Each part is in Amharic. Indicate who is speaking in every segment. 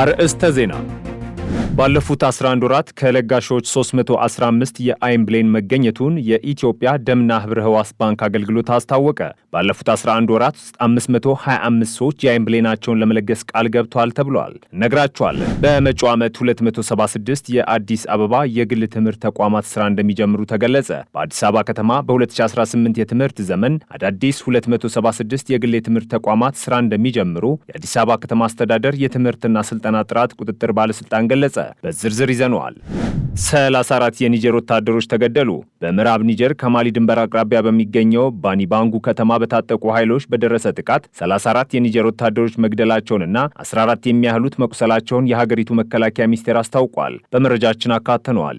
Speaker 1: አርእስተ ዜና ባለፉት 11 ወራት ከለጋሾች 315 የአይን ብሌን መገኘቱን የኢትዮጵያ ደምና ህብረ ህዋስ ባንክ አገልግሎት አስታወቀ። ባለፉት 11 ወራት ውስጥ 525 ሰዎች የአይን ብሌናቸውን ለመለገስ ቃል ገብተዋል ተብሏል። ነግራቸዋለን። በመጪው ዓመት 276 የአዲስ አበባ የግል ትምህርት ተቋማት ስራ እንደሚጀምሩ ተገለጸ። በአዲስ አበባ ከተማ በ2018 የትምህርት ዘመን አዳዲስ 276 የግል የትምህርት ተቋማት ስራ እንደሚጀምሩ የአዲስ አበባ ከተማ አስተዳደር የትምህርትና ስልጠና ጥራት ቁጥጥር ባለስልጣን ገለጸ። በዝርዝር ይዘነዋል። 34 የኒጀር ወታደሮች ተገደሉ። በምዕራብ ኒጀር ከማሊ ድንበር አቅራቢያ በሚገኘው ባኒባንጉ ከተማ በታጠቁ ኃይሎች በደረሰ ጥቃት 34 የኒጀር ወታደሮች መግደላቸውንና 14 የሚያህሉት መቁሰላቸውን የሀገሪቱ መከላከያ ሚኒስቴር አስታውቋል። በመረጃችን አካተነዋል።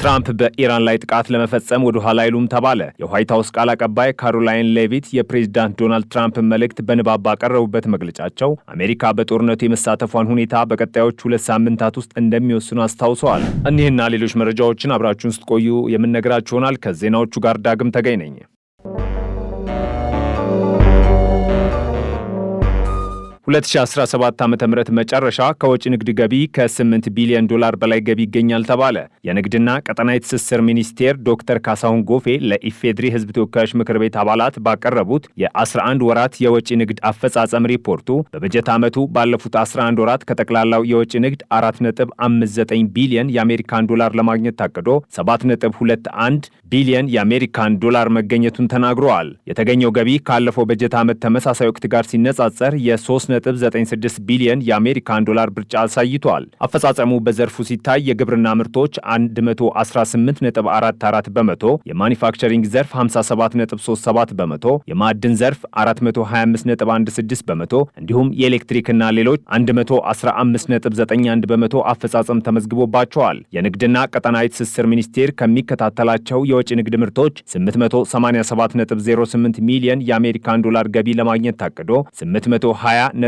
Speaker 1: ትራምፕ በኢራን ላይ ጥቃት ለመፈጸም ወደ ኋላ አይሉም ተባለ። የዋይት ሀውስ ቃል አቀባይ ካሮላይን ሌቪት የፕሬዚዳንት ዶናልድ ትራምፕ መልእክት በንባብ ባቀረቡበት መግለጫቸው አሜሪካ በጦርነቱ የመሳተፏን ሁኔታ በቀጣዮች ሁለት ሳምንታት ውስጥ እንደሚወስኑ አስታውሰዋል። እኒህና ሌሎች መረጃዎችን አብራችሁን ስትቆዩ የምንነግራችሁ ይሆናል። ከዜናዎቹ ጋር ዳግም ተገኝ ነኝ። 2017 ዓ ም መጨረሻ ከወጪ ንግድ ገቢ ከ8 ቢሊዮን ዶላር በላይ ገቢ ይገኛል ተባለ። የንግድና ቀጠናዊ ትስስር ሚኒስቴር ዶክተር ካሳሁን ጎፌ ለኢፌድሪ ሕዝብ ተወካዮች ምክር ቤት አባላት ባቀረቡት የ11 ወራት የወጪ ንግድ አፈጻጸም ሪፖርቱ በበጀት ዓመቱ ባለፉት 11 ወራት ከጠቅላላው የወጪ ንግድ 4.59 ቢሊዮን የአሜሪካን ዶላር ለማግኘት ታቅዶ 7.21 ቢሊዮን የአሜሪካን ዶላር መገኘቱን ተናግረዋል። የተገኘው ገቢ ካለፈው በጀት ዓመት ተመሳሳይ ወቅት ጋር ሲነጻጸር የ3 1.96 ቢሊዮን የአሜሪካን ዶላር ብልጫ አሳይቷል። አፈጻጸሙ በዘርፉ ሲታይ የግብርና ምርቶች 118.44 በመቶ፣ የማኒፋክቸሪንግ ዘርፍ 57.37 በመቶ፣ የማዕድን ዘርፍ 425.16 በመቶ እንዲሁም የኤሌክትሪክና ሌሎች 115.91 በመቶ አፈጻጸም ተመዝግቦባቸዋል። የንግድና ቀጠናዊ ትስስር ሚኒስቴር ከሚከታተላቸው የወጪ ንግድ ምርቶች 887.08 ሚሊዮን የአሜሪካን ዶላር ገቢ ለማግኘት ታቅዶ 820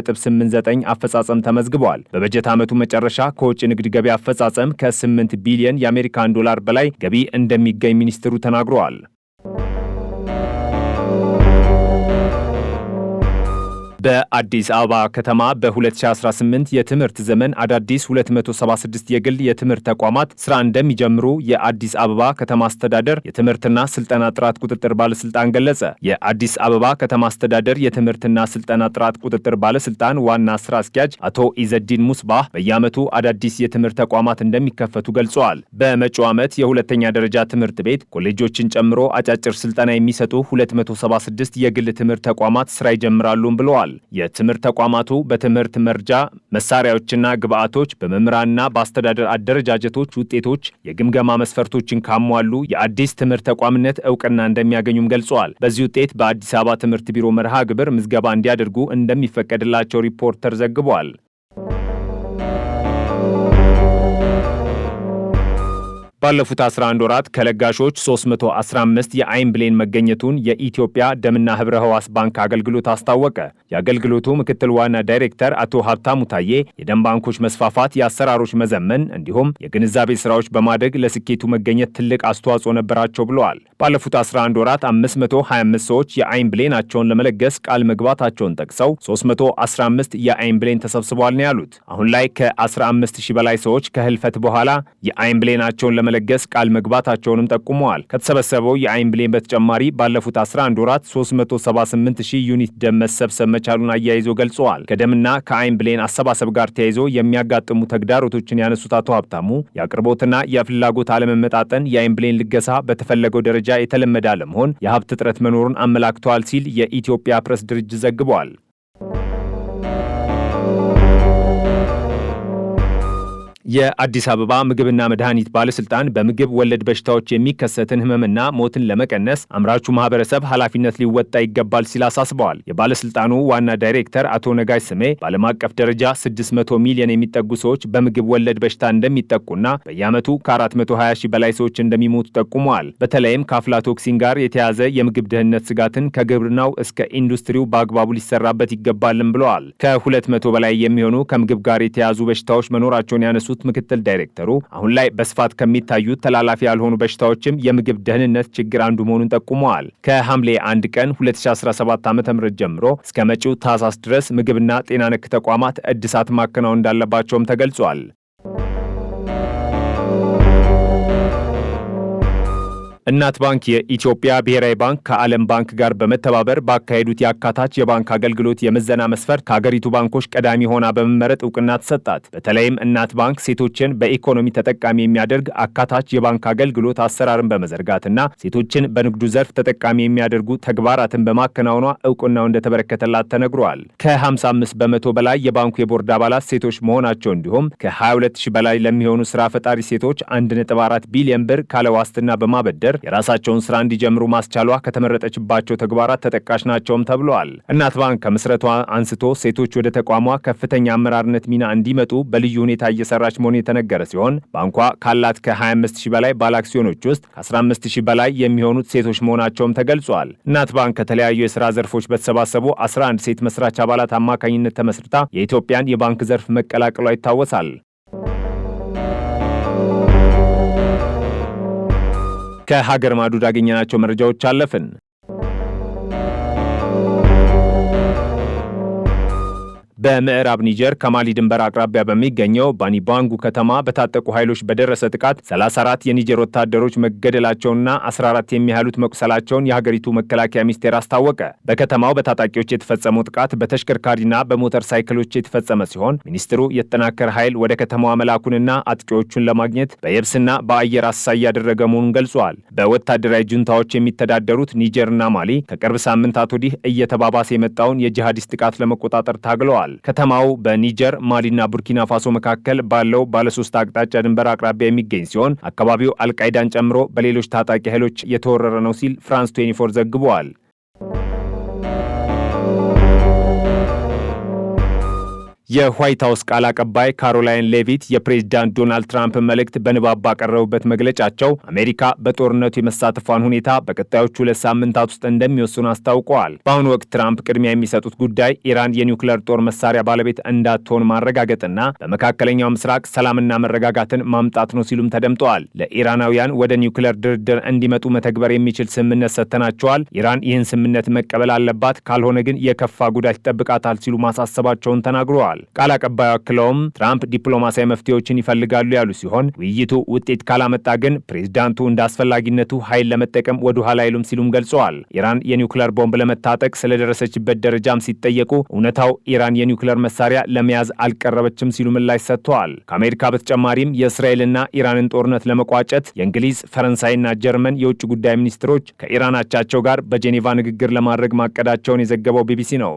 Speaker 1: 9.89 አፈጻጸም ተመዝግበዋል። በበጀት ዓመቱ መጨረሻ ከውጭ ንግድ ገቢ አፈጻጸም ከ8 ቢሊዮን የአሜሪካን ዶላር በላይ ገቢ እንደሚገኝ ሚኒስትሩ ተናግረዋል። በአዲስ አበባ ከተማ በ2018 የትምህርት ዘመን አዳዲስ 276 የግል የትምህርት ተቋማት ስራ እንደሚጀምሩ የአዲስ አበባ ከተማ አስተዳደር የትምህርትና ስልጠና ጥራት ቁጥጥር ባለስልጣን ገለጸ። የአዲስ አበባ ከተማ አስተዳደር የትምህርትና ስልጠና ጥራት ቁጥጥር ባለስልጣን ዋና ስራ አስኪያጅ አቶ ኢዘዲን ሙስባህ በየዓመቱ አዳዲስ የትምህርት ተቋማት እንደሚከፈቱ ገልጸዋል። በመጪው ዓመት የሁለተኛ ደረጃ ትምህርት ቤት ኮሌጆችን ጨምሮ አጫጭር ስልጠና የሚሰጡ 276 የግል ትምህርት ተቋማት ስራ ይጀምራሉም ብለዋል። የትምህርት ተቋማቱ በትምህርት መርጃ መሳሪያዎችና ግብዓቶች በመምህራንና በአስተዳደር አደረጃጀቶች ውጤቶች የግምገማ መስፈርቶችን ካሟሉ የአዲስ ትምህርት ተቋምነት እውቅና እንደሚያገኙም ገልጸዋል። በዚህ ውጤት በአዲስ አበባ ትምህርት ቢሮ መርሃ ግብር ምዝገባ እንዲያደርጉ እንደሚፈቀድላቸው ሪፖርተር ዘግቧል። ባለፉት 11 ወራት ከለጋሾች 315 የአይን ብሌን መገኘቱን የኢትዮጵያ ደምና ህብረ ህዋስ ባንክ አገልግሎት አስታወቀ። የአገልግሎቱ ምክትል ዋና ዳይሬክተር አቶ ሀብታሙ ታዬ የደም ባንኮች መስፋፋት፣ የአሰራሮች መዘመን እንዲሁም የግንዛቤ ስራዎች በማደግ ለስኬቱ መገኘት ትልቅ አስተዋጽኦ ነበራቸው ብለዋል። ባለፉት 11 ወራት 525 ሰዎች የአይን ብሌናቸውን ለመለገስ ቃል መግባታቸውን ጠቅሰው 315 የአይን ብሌን ተሰብስበዋል ነው ያሉት። አሁን ላይ ከ15 ሺህ በላይ ሰዎች ከህልፈት በኋላ የአይን ብሌናቸውን ለመለገስ ቃል መግባታቸውንም ጠቁመዋል። ከተሰበሰበው የአይን ብሌን በተጨማሪ ባለፉት 11 ወራት 378 ሺህ ዩኒት ደም መሰብሰብ መቻሉን አያይዞ ገልጸዋል። ከደምና ከአይን ብሌን አሰባሰብ ጋር ተያይዞ የሚያጋጥሙ ተግዳሮቶችን ያነሱት አቶ ሀብታሙ የአቅርቦትና የፍላጎት አለመመጣጠን የአይን ብሌን ልገሳ በተፈለገው ደረጃ ደረጃ የተለመደ አለመሆን የሀብት እጥረት መኖሩን አመላክቷል ሲል የኢትዮጵያ ፕሬስ ድርጅት ዘግቧል የአዲስ አበባ ምግብና መድኃኒት ባለስልጣን በምግብ ወለድ በሽታዎች የሚከሰትን ህመምና ሞትን ለመቀነስ አምራቹ ማህበረሰብ ኃላፊነት ሊወጣ ይገባል ሲል አሳስበዋል። የባለስልጣኑ ዋና ዳይሬክተር አቶ ነጋሽ ስሜ በዓለም አቀፍ ደረጃ 600 ሚሊዮን የሚጠጉ ሰዎች በምግብ ወለድ በሽታ እንደሚጠቁና በየዓመቱ ከ420 ሺህ በላይ ሰዎች እንደሚሞቱ ጠቁመዋል። በተለይም ከአፍላቶክሲን ጋር የተያዘ የምግብ ደህንነት ስጋትን ከግብርናው እስከ ኢንዱስትሪው በአግባቡ ሊሰራበት ይገባልም ብለዋል። ከ200 በላይ የሚሆኑ ከምግብ ጋር የተያዙ በሽታዎች መኖራቸውን ያነሱት ያሉት ምክትል ዳይሬክተሩ አሁን ላይ በስፋት ከሚታዩት ተላላፊ ያልሆኑ በሽታዎችም የምግብ ደህንነት ችግር አንዱ መሆኑን ጠቁመዋል። ከሐምሌ 1 ቀን 2017 ዓ ም ጀምሮ እስከ መጪው ታህሳስ ድረስ ምግብና ጤና ነክ ተቋማት እድሳት ማከናወን እንዳለባቸውም ተገልጿል። እናት ባንክ የኢትዮጵያ ብሔራዊ ባንክ ከዓለም ባንክ ጋር በመተባበር ባካሄዱት የአካታች የባንክ አገልግሎት የምዘና መስፈርት ከሀገሪቱ ባንኮች ቀዳሚ ሆና በመመረጥ እውቅና ተሰጣት። በተለይም እናት ባንክ ሴቶችን በኢኮኖሚ ተጠቃሚ የሚያደርግ አካታች የባንክ አገልግሎት አሰራርን በመዘርጋትና ሴቶችን በንግዱ ዘርፍ ተጠቃሚ የሚያደርጉ ተግባራትን በማከናወኗ እውቅናው እንደተበረከተላት ተነግሯል። ከ55 በመቶ በላይ የባንኩ የቦርድ አባላት ሴቶች መሆናቸው እንዲሁም ከ22000 በላይ ለሚሆኑ ስራ ፈጣሪ ሴቶች 1.4 ቢሊዮን ብር ካለ ዋስትና በማበደር የራሳቸውን ስራ እንዲጀምሩ ማስቻሏ ከተመረጠችባቸው ተግባራት ተጠቃሽ ናቸውም ተብለዋል። እናት ባንክ ከምስረቷ አንስቶ ሴቶች ወደ ተቋሟ ከፍተኛ አመራርነት ሚና እንዲመጡ በልዩ ሁኔታ እየሰራች መሆኑ የተነገረ ሲሆን ባንኳ ካላት ከ25000 በላይ ባለአክሲዮኖች ውስጥ ከ15000 በላይ የሚሆኑት ሴቶች መሆናቸውም ተገልጿል። እናት ባንክ ከተለያዩ የስራ ዘርፎች በተሰባሰቡ 11 ሴት መስራች አባላት አማካኝነት ተመስርታ የኢትዮጵያን የባንክ ዘርፍ መቀላቀሏ ይታወሳል። ከሀገር ማዱድ ያገኘናቸው መረጃዎች አለፍን። በምዕራብ ኒጀር ከማሊ ድንበር አቅራቢያ በሚገኘው ባኒባንጉ ከተማ በታጠቁ ኃይሎች በደረሰ ጥቃት 34 የኒጀር ወታደሮች መገደላቸውና 14 የሚያህሉት መቁሰላቸውን የሀገሪቱ መከላከያ ሚኒስቴር አስታወቀ። በከተማው በታጣቂዎች የተፈጸመው ጥቃት በተሽከርካሪና በሞተር ሳይክሎች የተፈጸመ ሲሆን ሚኒስትሩ የተጠናከረ ኃይል ወደ ከተማዋ መላኩንና አጥቂዎቹን ለማግኘት በየብስና በአየር አሳይ ያደረገ መሆኑን ገልጿል። በወታደራዊ ጁንታዎች የሚተዳደሩት ኒጀርና ማሊ ከቅርብ ሳምንታት ወዲህ እየተባባሰ የመጣውን የጂሃዲስት ጥቃት ለመቆጣጠር ታግለዋል። ተገልጿል። ከተማው በኒጀር ማሊና ቡርኪና ፋሶ መካከል ባለው ባለሶስት አቅጣጫ ድንበር አቅራቢያ የሚገኝ ሲሆን አካባቢው አልቃይዳን ጨምሮ በሌሎች ታጣቂ ኃይሎች የተወረረ ነው ሲል ፍራንስ 24 ዘግቧል። የዋይት ሀውስ ቃል አቀባይ ካሮላይን ሌቪት የፕሬዚዳንት ዶናልድ ትራምፕ መልእክት በንባብ ባቀረቡበት መግለጫቸው አሜሪካ በጦርነቱ የመሳተፏን ሁኔታ በቀጣዮቹ ሁለት ሳምንታት ውስጥ እንደሚወስኑ አስታውቀዋል። በአሁኑ ወቅት ትራምፕ ቅድሚያ የሚሰጡት ጉዳይ ኢራን የኒውክለር ጦር መሳሪያ ባለቤት እንዳትሆን ማረጋገጥና በመካከለኛው ምስራቅ ሰላምና መረጋጋትን ማምጣት ነው ሲሉም ተደምጠዋል። ለኢራናውያን ወደ ኒውክለር ድርድር እንዲመጡ መተግበር የሚችል ስምምነት ሰጥተናቸዋል። ኢራን ይህን ስምምነት መቀበል አለባት፣ ካልሆነ ግን የከፋ ጉዳት ይጠብቃታል ሲሉ ማሳሰባቸውን ተናግረዋል። ተናግረዋል። ቃል አቀባዩ አክለውም ትራምፕ ዲፕሎማሲያዊ መፍትሄዎችን ይፈልጋሉ ያሉ ሲሆን ውይይቱ ውጤት ካላመጣ ግን ፕሬዚዳንቱ እንደ አስፈላጊነቱ ኃይል ለመጠቀም ወደ ኋላ አይሉም ሲሉም ገልጸዋል። ኢራን የኒውክለር ቦምብ ለመታጠቅ ስለደረሰችበት ደረጃም ሲጠየቁ እውነታው ኢራን የኒውክለር መሳሪያ ለመያዝ አልቀረበችም ሲሉ ምላሽ ሰጥተዋል። ከአሜሪካ በተጨማሪም የእስራኤልና ኢራንን ጦርነት ለመቋጨት የእንግሊዝ ፈረንሳይና ጀርመን የውጭ ጉዳይ ሚኒስትሮች ከኢራን አቻቸው ጋር በጄኔቫ ንግግር ለማድረግ ማቀዳቸውን የዘገበው ቢቢሲ ነው።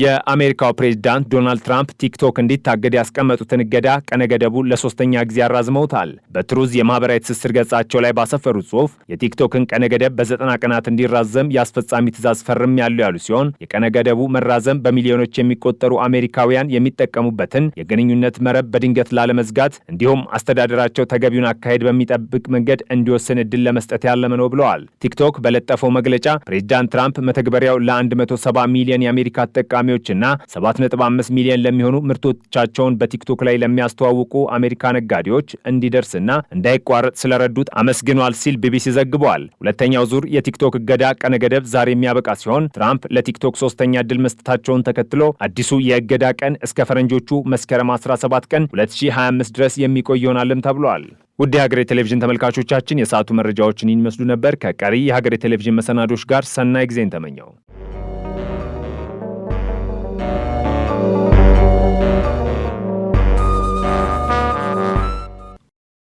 Speaker 1: የአሜሪካው ፕሬዝዳንት ዶናልድ ትራምፕ ቲክቶክ እንዲታገድ ያስቀመጡትን እገዳ ቀነገደቡ ለሶስተኛ ጊዜ አራዝመውታል። በትሩዝ የማህበራዊ ትስስር ገጻቸው ላይ ባሰፈሩት ጽሁፍ የቲክቶክን ቀነገደብ በዘጠና ቀናት እንዲራዘም የአስፈጻሚ ትእዛዝ ፈርም ያሉ ያሉ ሲሆን የቀነገደቡ መራዘም በሚሊዮኖች የሚቆጠሩ አሜሪካውያን የሚጠቀሙበትን የግንኙነት መረብ በድንገት ላለመዝጋት እንዲሁም አስተዳደራቸው ተገቢውን አካሄድ በሚጠብቅ መንገድ እንዲወስን እድል ለመስጠት ያለመ ነው ብለዋል። ቲክቶክ በለጠፈው መግለጫ ፕሬዝዳንት ትራምፕ መተግበሪያው ለ170 ሚሊዮን የአሜሪካ ተጠቃሚ ተጠቃሚዎችና 7.5 ሚሊዮን ለሚሆኑ ምርቶቻቸውን በቲክቶክ ላይ ለሚያስተዋውቁ አሜሪካ ነጋዴዎች እንዲደርስና እንዳይቋረጥ ስለረዱት አመስግኗል ሲል ቢቢሲ ዘግቧል። ሁለተኛው ዙር የቲክቶክ እገዳ ቀነ ገደብ ዛሬ የሚያበቃ ሲሆን ትራምፕ ለቲክቶክ ሶስተኛ እድል መስጠታቸውን ተከትሎ አዲሱ የእገዳ ቀን እስከ ፈረንጆቹ መስከረም 17 ቀን 2025 ድረስ የሚቆይ ይሆናልም ተብሏል። ውድ የሀገሬ ቴሌቪዥን ተመልካቾቻችን የሰዓቱ መረጃዎችን ይመስሉ ነበር። ከቀሪ የሀገሬ ቴሌቪዥን መሰናዶች ጋር ሰናይ ጊዜን ተመኘው።